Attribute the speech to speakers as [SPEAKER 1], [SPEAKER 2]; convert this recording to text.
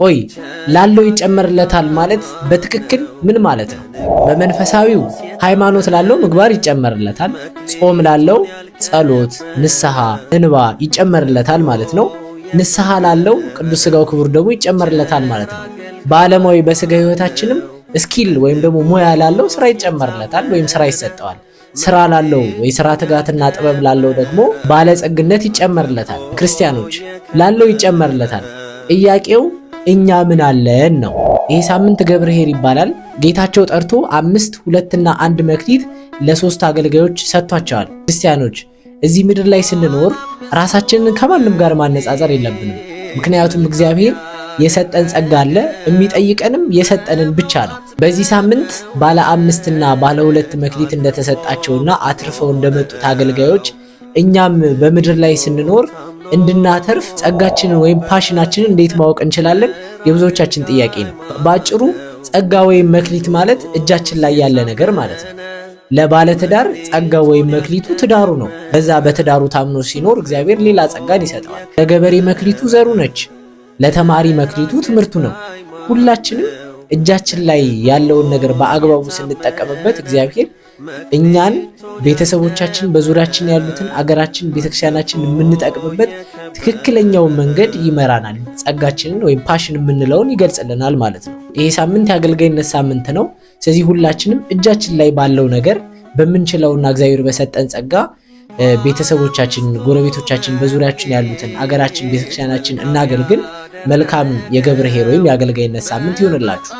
[SPEAKER 1] ቆይ ላለው ይጨመርለታል ማለት በትክክል ምን ማለት ነው? በመንፈሳዊው ሃይማኖት ላለው ምግባር ይጨመርለታል፣ ጾም ላለው ጸሎት፣ ንስሐ፣ እንባ ይጨመርለታል ማለት ነው። ንስሐ ላለው ቅዱስ ስጋው ክቡር ደግሞ ይጨመርለታል ማለት ነው። በዓለማዊ በስጋ ህይወታችንም ስኪል ወይም ደግሞ ሙያ ላለው ስራ ይጨመርለታል ወይም ስራ ይሰጠዋል። ስራ ላለው ወይ ስራ ትጋትና ጥበብ ላለው ደግሞ ባለጸግነት ይጨመርለታል። ክርስቲያኖች ላለው ይጨመርለታል። ጥያቄው እኛ ምን አለን ነው። ይህ ሳምንት ገብርኄር ይባላል። ጌታቸው ጠርቶ አምስት ሁለትና አንድ መክሊት ለሶስት አገልጋዮች ሰጥቷቸዋል። ክርስቲያኖች እዚህ ምድር ላይ ስንኖር ራሳችንን ከማንም ጋር ማነጻጸር የለብንም። ምክንያቱም እግዚአብሔር የሰጠን ጸጋ አለ፣ የሚጠይቀንም የሰጠንን ብቻ ነው። በዚህ ሳምንት ባለ አምስትና ባለ ሁለት መክሊት እንደተሰጣቸውና አትርፈው እንደመጡት አገልጋዮች እኛም በምድር ላይ ስንኖር እንድናተርፍ ጸጋችንን ወይም ፓሽናችንን እንዴት ማወቅ እንችላለን? የብዙዎቻችን ጥያቄ ነው። በአጭሩ ጸጋ ወይም መክሊት ማለት እጃችን ላይ ያለ ነገር ማለት ነው። ለባለትዳር ጸጋ ወይም መክሊቱ ትዳሩ ነው። በዛ በትዳሩ ታምኖ ሲኖር እግዚአብሔር ሌላ ጸጋን ይሰጠዋል። ለገበሬ መክሊቱ ዘሩ ነች። ለተማሪ መክሊቱ ትምህርቱ ነው። ሁላችንም እጃችን ላይ ያለውን ነገር በአግባቡ ስንጠቀምበት እግዚአብሔር እኛን ቤተሰቦቻችን፣ በዙሪያችን ያሉትን አገራችን፣ ቤተክርስቲያናችን የምንጠቅምበት ትክክለኛውን መንገድ ይመራናል። ጸጋችንን ወይም ፓሽን የምንለውን ይገልጽልናል ማለት ነው። ይሄ ሳምንት የአገልጋይነት ሳምንት ነው። ስለዚህ ሁላችንም እጃችን ላይ ባለው ነገር በምንችለውና እግዚአብሔር በሰጠን ጸጋ ቤተሰቦቻችን፣ ጎረቤቶቻችን፣ በዙሪያችን ያሉትን አገራችን፣ ቤተክርስቲያናችን እናገልግል። መልካም የገብረ ኄር ወይም የአገልጋይነት ሳምንት ይሆንላችሁ።